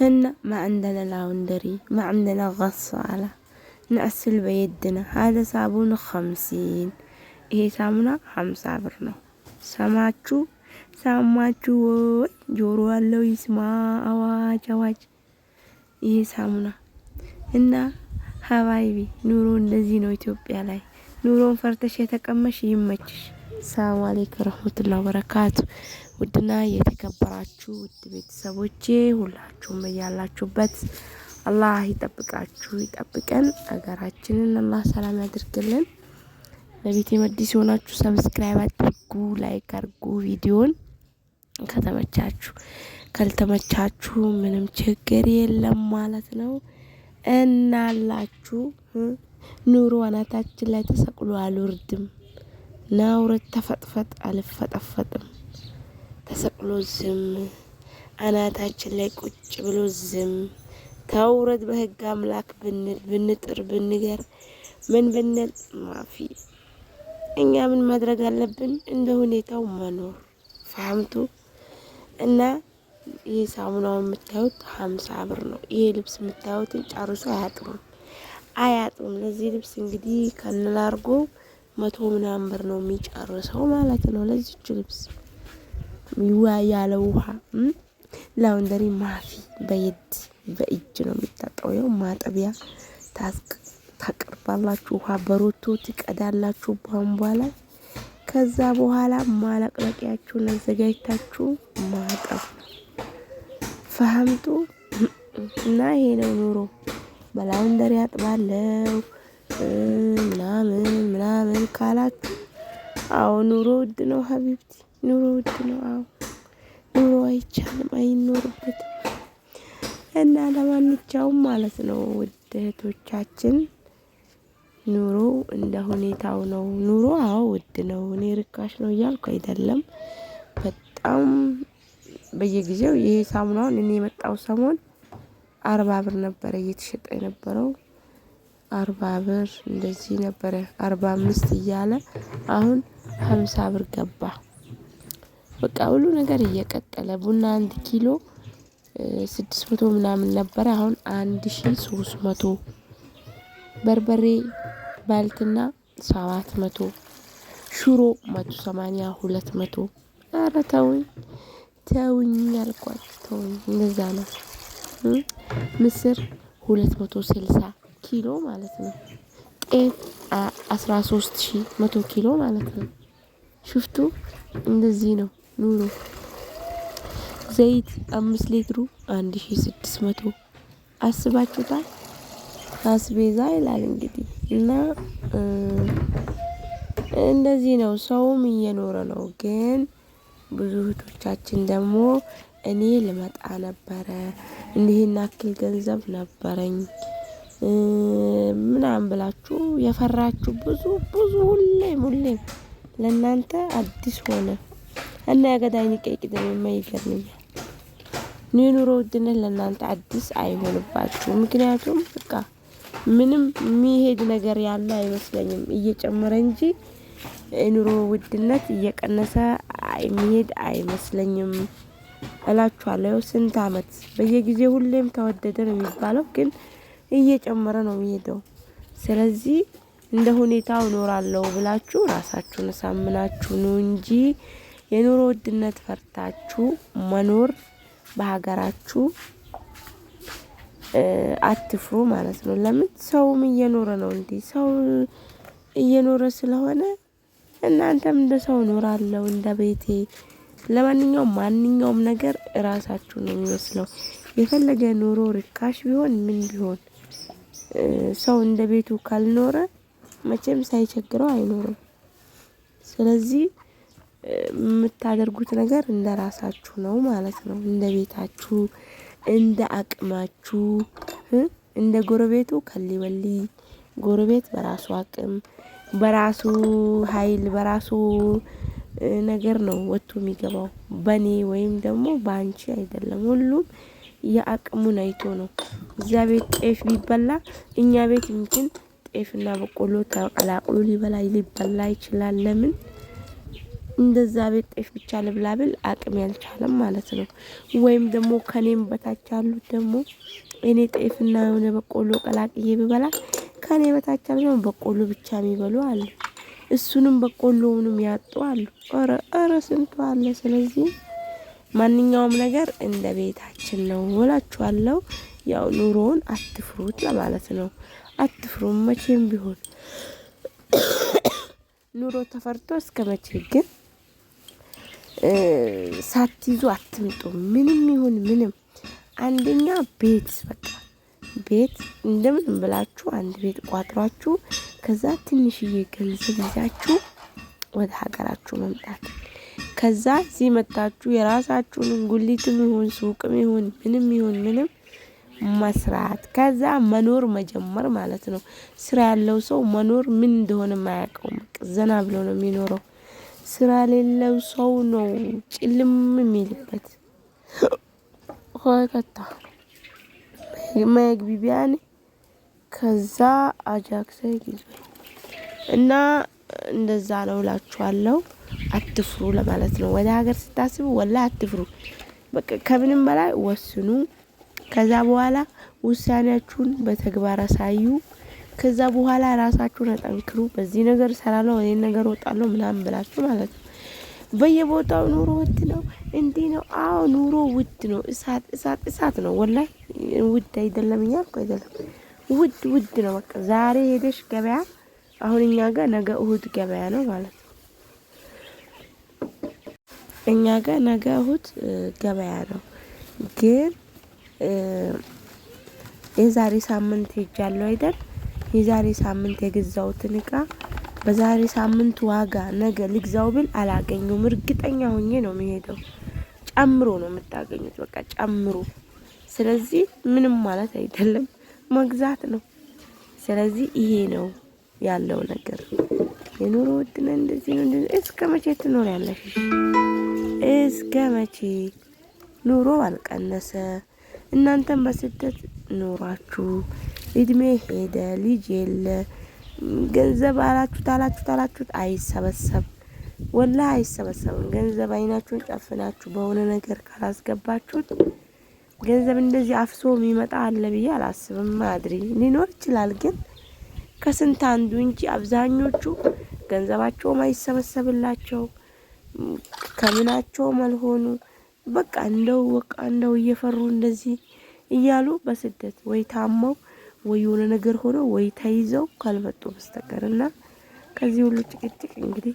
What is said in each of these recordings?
هن ما عندنا لاوندري ما عندنا غسالة نغسل بيدنا هذا ሳቡኑ خمسين ይሄ ሳሙና ሀምሳ ብር ነው። ሰማችሁ ሰማችሁ ወይ? ጆሮ ያለው ይስማ። አዋጅ አዋጅ! ይሄ ሳሙና እና ሀባይቢ ኑሮ እንደዚህ ነው። ኢትዮጵያ ላይ ኑሮን ፈርተሽ የተቀመሽ ይመችሽ። ሰላም አለይኩም ረህመቱላሂ ወበረካቱ። ውድና የተከበራችሁ ውድ ቤተሰቦቼ ሁላችሁም እያላችሁበት አላህ ይጠብቃችሁ ይጠብቀን። ሀገራችንን አላህ ሰላም ያድርግልን። ለቤት የመዲስ የሆናችሁ ሰብስክራይብ አድርጉ፣ ላይክ አድርጉ ቪዲዮን ከተመቻችሁ። ካልተመቻችሁ ምንም ችግር የለም ማለት ነው እናላችሁ ኑሮ አናታችን ላይ ተሰቅሎ አልወርድም ናውረት ተፈጥፈጥ አልፈጠፈጥም ተሰቅሎ ዝም አናታችን ላይ ቁጭ ብሎ ዝም ተውረድ በህግ አምላክ ብንል ብንጥር ብንገር ምን ብንል ማፊ እኛ ምን ማድረግ አለብን? እንደ ሁኔታው መኖር ፋምቱ እና ይህ ሳሙናውን የምታዩት ሀምሳ ብር ነው። ይሄ ልብስ የምታዩትን ጨርሶ አያጥሩም አያጥሩም። ለዚህ ልብስ እንግዲህ ከንላርጎ መቶ ምናምን ብር ነው የሚጨርሰው ማለት ነው። ለዚች ልብስ ያለ ውሃ ላውንደሪ ማፊ በየድ በእጅ ነው የሚታጠበው። ያው ማጠቢያ ታቀርባላችሁ፣ ውሃ በሮቶ ትቀዳላችሁ ቧንቧ ላይ። ከዛ በኋላ ማለቅለቂያችሁን አዘጋጅታችሁ ማጠብ ፈሀምቱ እና ይሄ ነው ኑሮ። በላውንደሪ አጥባለው። ምናምን ምናምን ካላክ አዎ ኑሮ ውድ ነው ሀቢብቲ፣ ኑሮ ውድ ነው። አዎ ኑሮ አይቻልም፣ አይኖርበትም። እና ለማንኛውም ማለት ነው ውድ እህቶቻችን ኑሮ እንደ ሁኔታው ነው። ኑሮ አዎ ውድ ነው። እኔ ርካሽ ነው እያልኩ አይደለም። በጣም በየጊዜው ይሄ ሳሙናውን እኔ የመጣው ሰሞን አርባ ብር ነበረ እየተሸጠ የነበረው። አርባ ብር እንደዚህ ነበረ አርባ አምስት እያለ አሁን ሀምሳ ብር ገባ። በቃ ሁሉ ነገር እየቀጠለ ቡና አንድ ኪሎ ስድስት መቶ ምናምን ነበረ አሁን አንድ ሺ ሶስት መቶ በርበሬ ባልትና ሰባት መቶ ሹሮ መቶ ሰማኒያ ሁለት መቶ ኧረ ተውኝ ተውኝ አልኳችሁ ተውኝ እንደዛ ነው ምስር ሁለት መቶ ስልሳ ኪሎ ማለት ነው። ጤፍ 13100 ኪሎ ማለት ነው። ሽፍቱ እንደዚህ ነው ኑሮ። ዘይት 5 ሊትሩ 1600 አስባችሁታል። አስቤዛ ይላል እንግዲህ እና እንደዚህ ነው ሰውም እየኖረ ነው። ግን ብዙ እህቶቻችን ደግሞ እኔ ልመጣ ነበረ እንዲህን አክል ገንዘብ ነበረኝ ምናምን ብላችሁ የፈራችሁ ብዙ ብዙ ሁሌም ሁሌም ለእናንተ አዲስ ሆነ እና ያገዳይ ንቀቂ ደሜማ ይገርምኛል። የኑሮ ውድነት ለእናንተ አዲስ አይሆንባችሁ። ምክንያቱም በቃ ምንም የሚሄድ ነገር ያለ አይመስለኝም እየጨመረ እንጂ ኑሮ ውድነት እየቀነሰ የሚሄድ አይመስለኝም እላችኋለሁ። ስንት አመት በየጊዜው ሁሌም ተወደደ ነው የሚባለው ግን እየጨመረ ነው የሚሄደው። ስለዚህ እንደ ሁኔታው እኖራለሁ ብላችሁ ራሳችሁን አሳምናችሁ ነው እንጂ የኑሮ ውድነት ፈርታችሁ መኖር በሀገራችሁ አትፍሩ ማለት ነው። ለምን ሰውም እየኖረ ነው እንዲህ ሰው እየኖረ ስለሆነ እናንተም እንደ ሰው እኖራለሁ እንደ ቤቴ። ለማንኛውም ማንኛውም ነገር እራሳችሁ ነው የሚመስለው። የፈለገ ኑሮ ርካሽ ቢሆን ምን ቢሆን ሰው እንደ ቤቱ ካልኖረ መቼም ሳይቸግረው አይኖርም። ስለዚህ የምታደርጉት ነገር እንደ ራሳችሁ ነው ማለት ነው። እንደ ቤታችሁ፣ እንደ አቅማችሁ፣ እንደ ጎረቤቱ ከሊበሊ ጎረቤት በራሱ አቅም፣ በራሱ ኃይል፣ በራሱ ነገር ነው ወጥቶ የሚገባው። በኔ ወይም ደግሞ በአንቺ አይደለም ሁሉም የአቅሙን አይቶ ነው። እዚያ ቤት ጤፍ ቢበላ እኛ ቤት እንትን ጤፍና በቆሎ ተቀላቅሎ ሊበላ ሊበላ ይችላል። ለምን እንደዛ ቤት ጤፍ ብቻ ልብላብል አቅም ያልቻለም ማለት ነው። ወይም ደግሞ ከኔም በታች ያሉት ደግሞ እኔ ጤፍና የሆነ በቆሎ ቀላቅዬ ብበላ ከኔ በታች ያሉ በቆሎ ብቻ የሚበሉ አሉ። እሱንም በቆሎውንም ያጡ አሉ። ኧረ ኧረ ስንቱ አለ። ስለዚህ ማንኛውም ነገር እንደ ቤታችን ነው እላችኋለሁ። ያው ኑሮውን አትፍሩት ለማለት ነው። አትፍሩም መቼም ቢሆን ኑሮ ተፈርቶ እስከ መቼ ግን ሳትይዙ አትምጡ። ምንም ይሁን ምንም፣ አንደኛ ቤት በቃ ቤት እንደምንም ብላችሁ አንድ ቤት ቋጥሯችሁ ከዛ ትንሽዬ ገንዘብ ይዛችሁ ወደ ሀገራችሁ መምጣት ከዛ እዚህ መታችሁ የራሳችሁን ጉሊትም ይሁን ሱቅም ይሁን ምንም ይሁን ምንም መስራት ከዛ መኖር መጀመር ማለት ነው። ስራ ያለው ሰው መኖር ምን እንደሆነ ማያውቀው ዘና ብሎ ነው የሚኖረው። ስራ ሌለው ሰው ነው ጭልም የሚልበት ከታ መግቢቢያን ከዛ አጃክሰ እና እንደዛ ነው እላችኋለሁ። አትፍሩ ለማለት ነው። ወደ ሀገር ስታስቡ ወላ አትፍሩ። በቃ ከምንም በላይ ወስኑ። ከዛ በኋላ ውሳኔያችሁን በተግባር አሳዩ። ከዛ በኋላ ራሳችሁን አጠንክሩ። በዚህ ነገር እሰራለሁ፣ ወደ ነገር ወጣለሁ ምናምን ብላችሁ ማለት ነው። በየቦታው ኑሮ ውድ ነው፣ እንዲህ ነው። አዎ ኑሮ ውድ ነው። እሳት እሳት እሳት ነው። ወላይ ውድ አይደለም፣ እኛ አይደለም ውድ ውድ ነው። በቃ ዛሬ ሄደሽ ገበያ፣ አሁን እኛ ጋር ነገ እሁድ ገበያ ነው ማለት ነው። እኛ ጋር ነገ እሁድ ገበያ ነው። ግን የዛሬ ሳምንት ሄጃለሁ አይደል? የዛሬ ሳምንት የገዛሁትን እቃ በዛሬ ሳምንት ዋጋ ነገ ልግዛው ብል አላገኘውም። እርግጠኛ ሆኜ ነው የሚሄደው። ጨምሮ ነው የምታገኙት፣ በቃ ጨምሮ። ስለዚህ ምንም ማለት አይደለም መግዛት ነው። ስለዚህ ይሄ ነው ያለው ነገር። የኑሮ ውድነት እንደዚህ ነው። እስከ መቼ ትኖር ያለሽ? እስከ መቼ ኑሮ አልቀነሰ። እናንተም በስደት ኑሯችሁ እድሜ ሄደ፣ ልጅ የለ፣ ገንዘብ አላችሁት አላችሁት አላችሁት አይሰበሰብ ወላ አይሰበሰብም። ገንዘብ አይናችሁን ጨፍናችሁ በሆነ ነገር ካላስገባችሁት ገንዘብ እንደዚህ አፍሶ የሚመጣ አለ ብዬ አላስብም። ማድሪ ሊኖር ይችላል ግን ከስንት አንዱ እንጂ አብዛኞቹ ገንዘባቸውም አይሰበሰብላቸው ከምናቸው መልሆኑ በቃ እንደው በቃ እንደው እየፈሩ እንደዚህ እያሉ በስደት ወይ ታመው ወይ የሆነ ነገር ሆኖ ወይ ተይዘው ካልመጡ በስተቀር እና ከዚህ ሁሉ ጭቅጭቅ እንግዲህ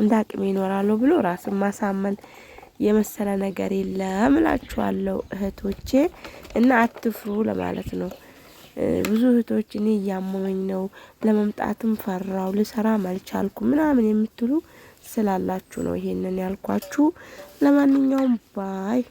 እንደ አቅሜ ይኖራለሁ ብሎ ራስን ማሳመን የመሰለ ነገር የለም እላችኋለሁ እህቶቼ፣ እና አትፍሩ ለማለት ነው። ብዙ እህቶች እኔ እያመመኝ ነው፣ ለመምጣትም ፈራው፣ ልሰራም አልቻልኩም ምናምን የምትሉ ስላላችሁ ነው ይሄንን ያልኳችሁ። ለማንኛውም ባይ